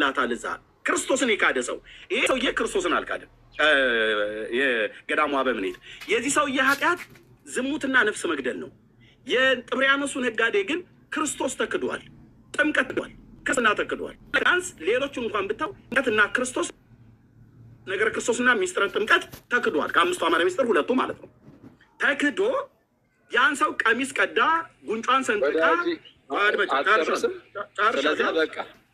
ላታል እዛ ክርስቶስን የካደ ሰው ይሄ ሰውዬ ክርስቶስን አልካደም። የገዳሙ አበምኔት የዚህ ሰውዬ ኃጢአት ዝሙትና ነፍስ መግደል ነው። የጥብርያኖሱ ነጋዴ ግን ክርስቶስ ተክዷል፣ ጥምቀት ተክዷል፣ ክርስትና ተክዷል። ቢያንስ ሌሎቹ እንኳን ብታው ጥምቀትና ክርስቶስ ነገረ ክርስቶስና ሚስጥረ ጥምቀት ተክዷል። ከአምስቱ አማረ ሚስጥር ሁለቱ ማለት ነው። ተክዶ ያን ሰው ቀሚስ ቀዳ፣ ጉንጯን ሰንጥቃ፣ ስለዚህ በቃ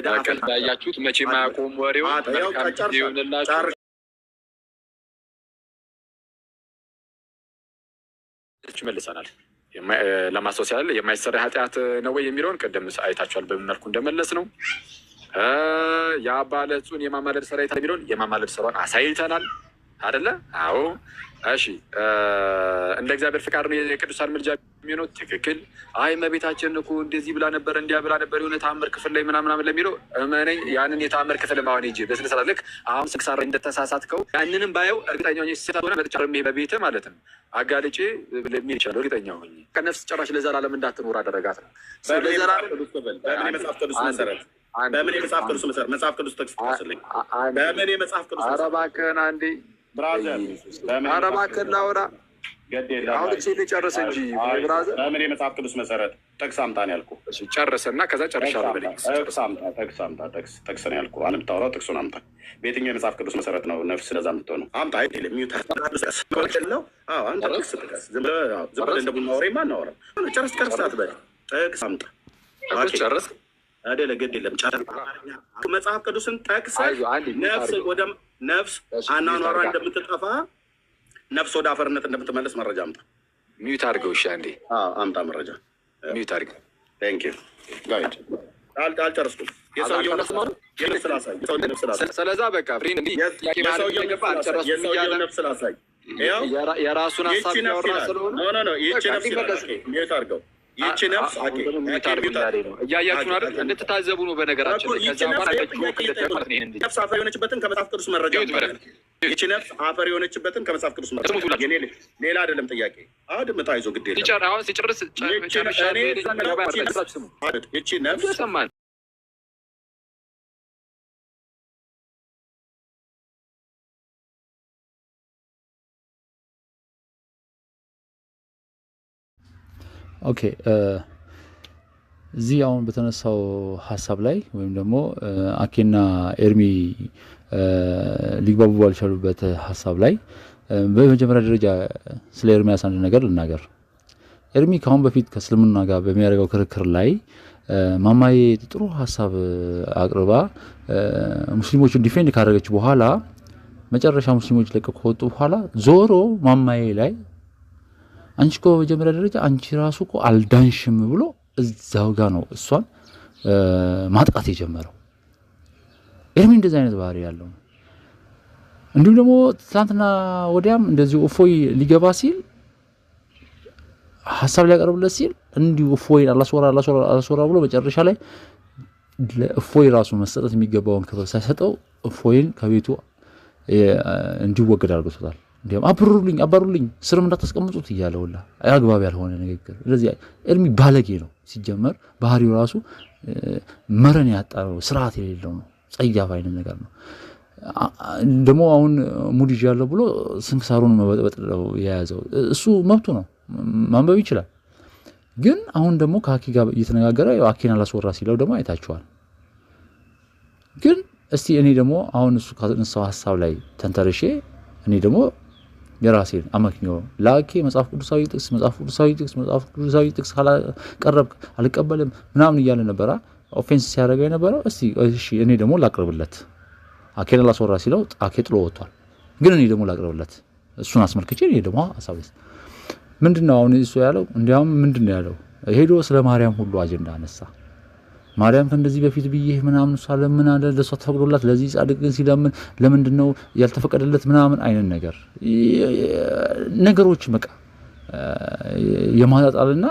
እንዳያችሁት መቼ ማያቆም ወሬው ይሆንላችሁ። መልሰናል። ለማስታወስ ያህል የማይሰራ ኃጢአት ነው ወይ የሚለውን ቅድም አይታችኋል። በምን መልኩ እንደመለስ ነው የአባ ዕለቱን የማማለድ ስራ የሚለውን የማማለድ ስራውን አሳይተናል። አደለ? አዎ። እሺ፣ እንደ እግዚአብሔር ፍቃድ ነው የቅዱሳን ምልጃ የሚሆነው ትክክል። አይ እመቤታችን እኮ እንደዚህ ብላ ነበር እንዲያ ብላ ነበር የሆነ ተአምር ክፍል ላይ ምናምናምን ለሚለው እመነኝ፣ ያንን የተአምር ክፍል ማሆን ሂጅ በስነስርዓት ልክ አሁን ስክሳራ እንደተሳሳትከው ያንንም ባየው እርግጠኛ ሆኜ ስህተት ሆነ መጥቻ በቤት ማለት ነው አጋልጬ ለሚል ይችላል እርግጠኛ ሆኜ ከነፍስ ጭራሽ ለዘላለም እንዳትኖር አደረጋት ነው ለዘላለም መሰረት በምን የመጽሐፍ ቅዱስ መሰረት መጽሐፍ ቅዱስ ጠቅስ በምን የመጽሐፍ ቅዱስ እባክህን አንዴ ብራዘር ኧረ እባክህን ላውራ አሁን ሴ እንጂ ብራዘር። ለምን የመጽሐፍ ቅዱስ መሰረት ጠቅስ አምጣ ነው ያልኩህ። ጨርስ እና ከዛ ጨርሻለሁ በለኝ። አምጣ፣ ጠቅስ አምጣ፣ ጠቅስ ነው ያልኩህ። አንተ የምታወራው ጥቅሱን አምጣ። በየትኛው የመጽሐፍ ቅዱስ መሰረት ነው ነፍስ ለዛ የምትሆነው? አምጣ። አይደለም ነው አንተ ጥቅስ ጥቀስ። ዝም ብለህ እንደ ቡና ወሬ ማናወራ ጨርስ፣ ጨርስ አትበለኝ። ጠቅስ አምጣ። ጨርስ አይደለ ግድ የለም ጨርስ። መጽሐፍ ቅዱስን ጠቅሰህ ነፍስ ወደ ነፍስ አናኗሯ እንደምትጠፋ ነፍስ ወደ አፈርነት እንደምትመለስ መረጃ አምጣ። ሚዩት አድርገው። እሺ፣ አንዴ አምጣ መረጃ። ሚዩት አድርገው። ቴንኪው ጋይድ አልጨርስኩም። የሰውየው ነፍስ ስለዛ በቃ ፍሪን እንዲህ የሰውየው ነፍስ ላሳይ የራሱን ሀሳብ ያወራ ስለሆነ ይቺ ነፍስ ሚዩት አድርገው ይቺ ነፍስ እያያችሁ አይደል? እንድትታዘቡ ነው። በነገራችን ነፍስ አፈር የሆነችበትን ከመጽሐፍ ቅዱስ መረጃ ይቺ ነፍስ አፈር የሆነችበትን ከመጽሐፍ ቅዱስ መረጃ ሌላ አይደለም። ጥያቄ አድምጣ፣ ይዞ ግዴታ ይቺ ነፍስ ኦኬ እዚህ አሁን በተነሳው ሀሳብ ላይ ወይም ደግሞ አኬና ኤርሚ ሊግባቡ ባልቻሉበት ሀሳብ ላይ በመጀመሪያ ደረጃ ስለ ኤርሚያስ አንድ ነገር ልናገር። ኤርሚ ከአሁን በፊት ከእስልምና ጋር በሚያደርገው ክርክር ላይ ማማዬ ጥሩ ሀሳብ አቅርባ ሙስሊሞቹን ዲፌንድ ካደረገች በኋላ መጨረሻ ሙስሊሞች ለቀው ከወጡ በኋላ ዞሮ ማማዬ ላይ አንቺ እኮ በመጀመሪያ ደረጃ አንቺ ራሱ እኮ አልዳንሽም ብሎ እዛው ጋ ነው እሷን ማጥቃት የጀመረው። ኤርሚ እንደዚህ አይነት ባህሪ ያለው ነው። እንዲሁም ደግሞ ትናንትና ወዲያም እንደዚሁ እፎይ ሊገባ ሲል ሀሳብ ሊያቀርብለት ሲል እንዲሁ እፎይን አላስወራ አላስወራ ብሎ መጨረሻ ላይ ለእፎይ ራሱ መሰጠት የሚገባውን ክፍል ሳይሰጠው እፎይን ከቤቱ እንዲወገድ አድርጎታል። እንዲሁም አብሩልኝ አባሩልኝ ስርም እንዳታስቀምጡት እያለ ሁላ አግባብ ያልሆነ ንግግር። ስለዚህ እድሜ ባለጌ ነው ሲጀመር፣ ባህሪው ራሱ መረን ያጣ ስርዓት የሌለው ነው። ጸያፍ አይነት ነገር ነው። ደግሞ አሁን ሙድ ይዣለሁ ብሎ ስንክሳሩን መበጥበጥ የያዘው እሱ መብቱ ነው፣ ማንበብ ይችላል። ግን አሁን ደግሞ ከሀኪ ጋር እየተነጋገረ አኪን አላስወራ ሲለው ደግሞ አይታችኋል። ግን እስቲ እኔ ደግሞ አሁን እሱ ሀሳብ ላይ ተንተርሼ እኔ ደግሞ የራሴን አመክንዮ ላኬ መጽሐፍ ቅዱሳዊ ጥቅስ መጽሐፍ ቅዱሳዊ ጥቅስ መጽሐፍ ቅዱሳዊ ጥቅስ ካላቀረብክ አልቀበልም ምናምን እያለ ነበረ ኦፌንስ ሲያደርገው የነበረው። እሺ እኔ ደግሞ ላቅርብለት፣ አኬን ላስወራ ሲለው አኬ ጥሎ ወጥቷል። ግን እኔ ደግሞ ላቅርብለት፣ እሱን አስመልክቼ እኔ ደግሞ ሀሳብ ምንድን ነው አሁን እሱ ያለው እንዲያውም ምንድን ነው ያለው ሄዶ ስለ ማርያም ሁሉ አጀንዳ አነሳ። ማርያም ከእንደዚህ በፊት ብዬ ምናምን እሷ ለምን አለ ለእሷ ተፈቅዶላት ለዚህ ጻድቅ ግን ሲለምን ለምንድን ነው ያልተፈቀደለት ምናምን አይነት ነገር ነገሮች በቃ የማጣጣልና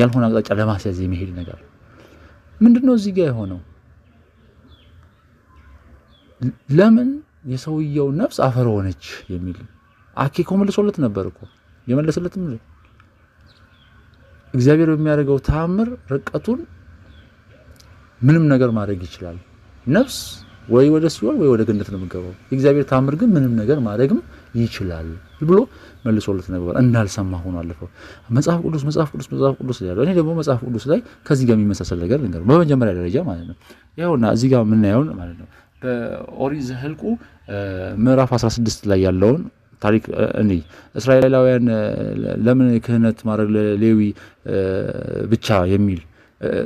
ያልሆነ አቅጣጫ ለማስያዝ የሚሄድ ነገር ምንድን ነው እዚህ ጋር የሆነው? ለምን የሰውየው ነፍስ አፈር ሆነች የሚል አኬ እኮ መልሶለት ነበር እኮ የመለሰለትም እግዚአብሔር በሚያደርገው ተአምር ርቀቱን ምንም ነገር ማድረግ ይችላል። ነፍስ ወይ ወደ ሲኦል ወይ ወደ ገነት ነው የምገባው። የእግዚአብሔር ታምር ግን ምንም ነገር ማድረግም ይችላል ብሎ መልሶለት ነበር። እንዳልሰማ ሆኖ አለፈው። መጽሐፍ ቅዱስ መጽሐፍ ቅዱስ መጽሐፍ ቅዱስ ያለው እኔ ደግሞ መጽሐፍ ቅዱስ ላይ ከዚህ ጋር የሚመሳሰል ነገር ልንገር፣ በመጀመሪያ ደረጃ ማለት ነው። ያውና እዚህ ጋር የምናየውን ማለት ነው በኦሪት ዘኍልቍ ምዕራፍ 16 ላይ ያለውን ታሪክ እኔ እስራኤላውያን ለምን ክህነት ማድረግ ለሌዊ ብቻ የሚል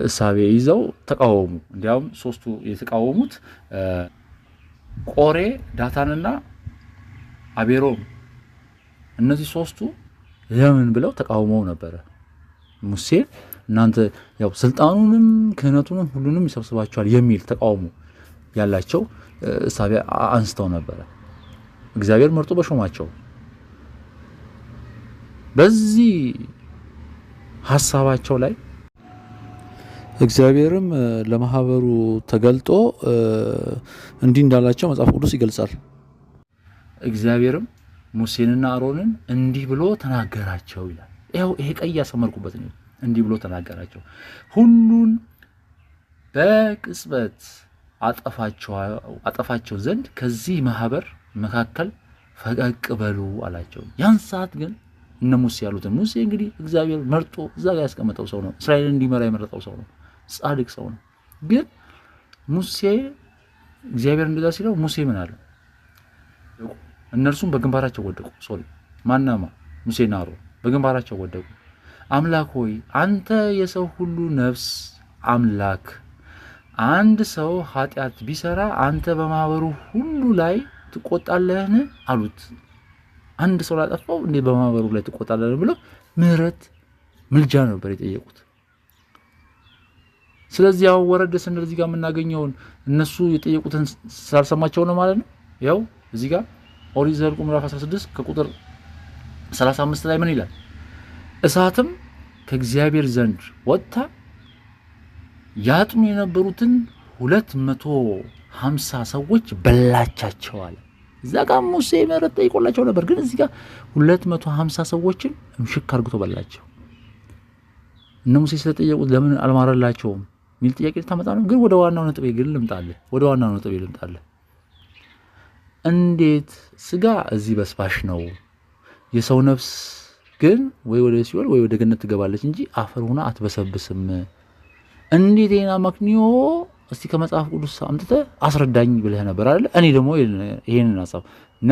እሳቤ ይዘው ተቃወሙ። እንዲያውም ሶስቱ የተቃወሙት ቆሬ ዳታንና አቤሮም እነዚህ ሶስቱ ለምን ብለው ተቃውመው ነበረ። ሙሴ እናንተ ያው ስልጣኑንም ክህነቱንም ሁሉንም ይሰብስባቸዋል የሚል ተቃውሞ ያላቸው እሳቤ አንስተው ነበረ። እግዚአብሔር መርጦ በሾማቸው በዚህ ሀሳባቸው ላይ እግዚአብሔርም ለማህበሩ ተገልጦ እንዲህ እንዳላቸው መጽሐፍ ቅዱስ ይገልጻል። እግዚአብሔርም ሙሴንና አሮንን እንዲህ ብሎ ተናገራቸው ይላል። ያው ይሄ ቀይ ያሰመርኩበት ነው። እንዲህ ብሎ ተናገራቸው፣ ሁሉን በቅጽበት አጠፋቸው ዘንድ ከዚህ ማህበር መካከል ፈቀቅ በሉ አላቸው። ያን ሰዓት ግን እነ ሙሴ ያሉትን ሙሴ እንግዲህ እግዚአብሔር መርጦ እዛ ጋር ያስቀመጠው ሰው ነው። እስራኤልን እንዲመራ የመረጠው ሰው ነው። ጻድቅ ሰው ነው። ግን ሙሴ እግዚአብሔር እንደዛ ሲለው ሙሴ ምን አለ? እነርሱም በግንባራቸው ወደቁ። ሶሪ ማናማ ሙሴና አሮን በግንባራቸው ወደቁ። አምላክ ሆይ አንተ የሰው ሁሉ ነፍስ አምላክ፣ አንድ ሰው ኃጢአት ቢሰራ አንተ በማህበሩ ሁሉ ላይ ትቆጣለህን? አሉት። አንድ ሰው ላጠፋው እንዴ በማህበሩ ላይ ትቆጣለህን? ብለው ምህረት ምልጃ ነበር የጠየቁት። ስለዚህ አሁን ወረደ ስንል እዚህ ጋር የምናገኘውን እነሱ የጠየቁትን ሳልሰማቸው ነው ማለት ነው። ያው እዚህ ጋር ኦሪት ዘኍልቍ ምዕራፍ 16 ከቁጥር 35 ላይ ምን ይላል? እሳትም ከእግዚአብሔር ዘንድ ወጥታ ያጥኑ የነበሩትን ሁለት መቶ ሀምሳ ሰዎች በላቻቸዋል። እዛ ጋር ሙሴ ምሕረት ጠይቆላቸው ነበር፣ ግን እዚህ ጋር ሁለት መቶ ሀምሳ ሰዎችን እምሽክ አርግቶ በላቸው። እነ ሙሴ ስለጠየቁት ለምን አልማረላቸውም? የሚል ጥያቄ ልታመጣ ነው። ግን ወደ ዋናው ነጥቤ ግን ልምጣልህ፣ ወደ ዋናው ነጥቤ ልምጣልህ። እንዴት ስጋ እዚህ በስባሽ ነው፣ የሰው ነፍስ ግን ወይ ወደ ሲኦል ወይ ወደ ገነት ትገባለች እንጂ አፈር ሆና አትበሰብስም። እንዴት ይህን አመክንዮ እስቲ ከመጽሐፍ ቅዱስ አምጥተ አስረዳኝ ብለህ ነበር አይደለ? እኔ ደግሞ ይሄንን ሀሳብ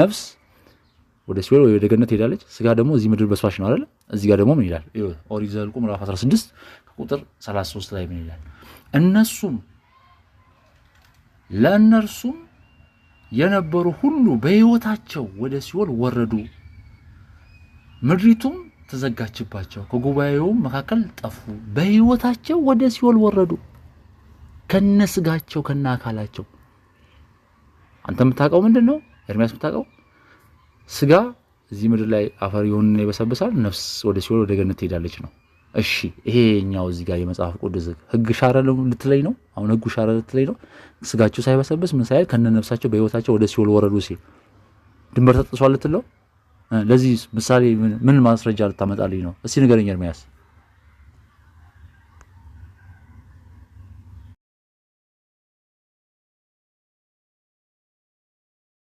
ነፍስ ወደ ሲኦል ወይ ወደ ገነት ሄዳለች፣ ስጋ ደግሞ እዚህ ምድር በስባሽ ነው አይደለ? እዚህ ጋር ደግሞ ምን ይላል? ኦሪት ዘኍልቍ ምዕራፍ 16 ከቁጥር 33 ላይ ምን ይላል? እነሱም ለእነርሱም የነበሩ ሁሉ በሕይወታቸው ወደ ሲኦል ወረዱ፣ ምድሪቱም ተዘጋችባቸው፣ ከጉባኤውም መካከል ጠፉ። በሕይወታቸው ወደ ሲኦል ወረዱ ከነስጋቸው ስጋቸው ከነ አካላቸው። አንተ የምታውቀው ምንድን ነው? ኤርሚያስ የምታውቀው ስጋ እዚህ ምድር ላይ አፈር የሆንና ይበሰብሳል፣ ነፍስ ወደ ሲኦል ወደ ገነት ትሄዳለች ነው። እሺ ይሄኛው እዚህ ጋር የመጽሐፍ ቅዱስ ህግ ሻረ ልትለኝ ነው? አሁን ህጉ ሻረ ልትለኝ ነው? ስጋቸው ሳይበሰብስ ምን ሳይል ከነ ነፍሳቸው በህይወታቸው ወደ ሲኦል ወረዱ ሲል ድንበር ተጥሷል ልትለው? ለዚህ ምሳሌ ምን ማስረጃ ልታመጣልኝ ነው? እስቲ ንገረኝ ኤርምያስ።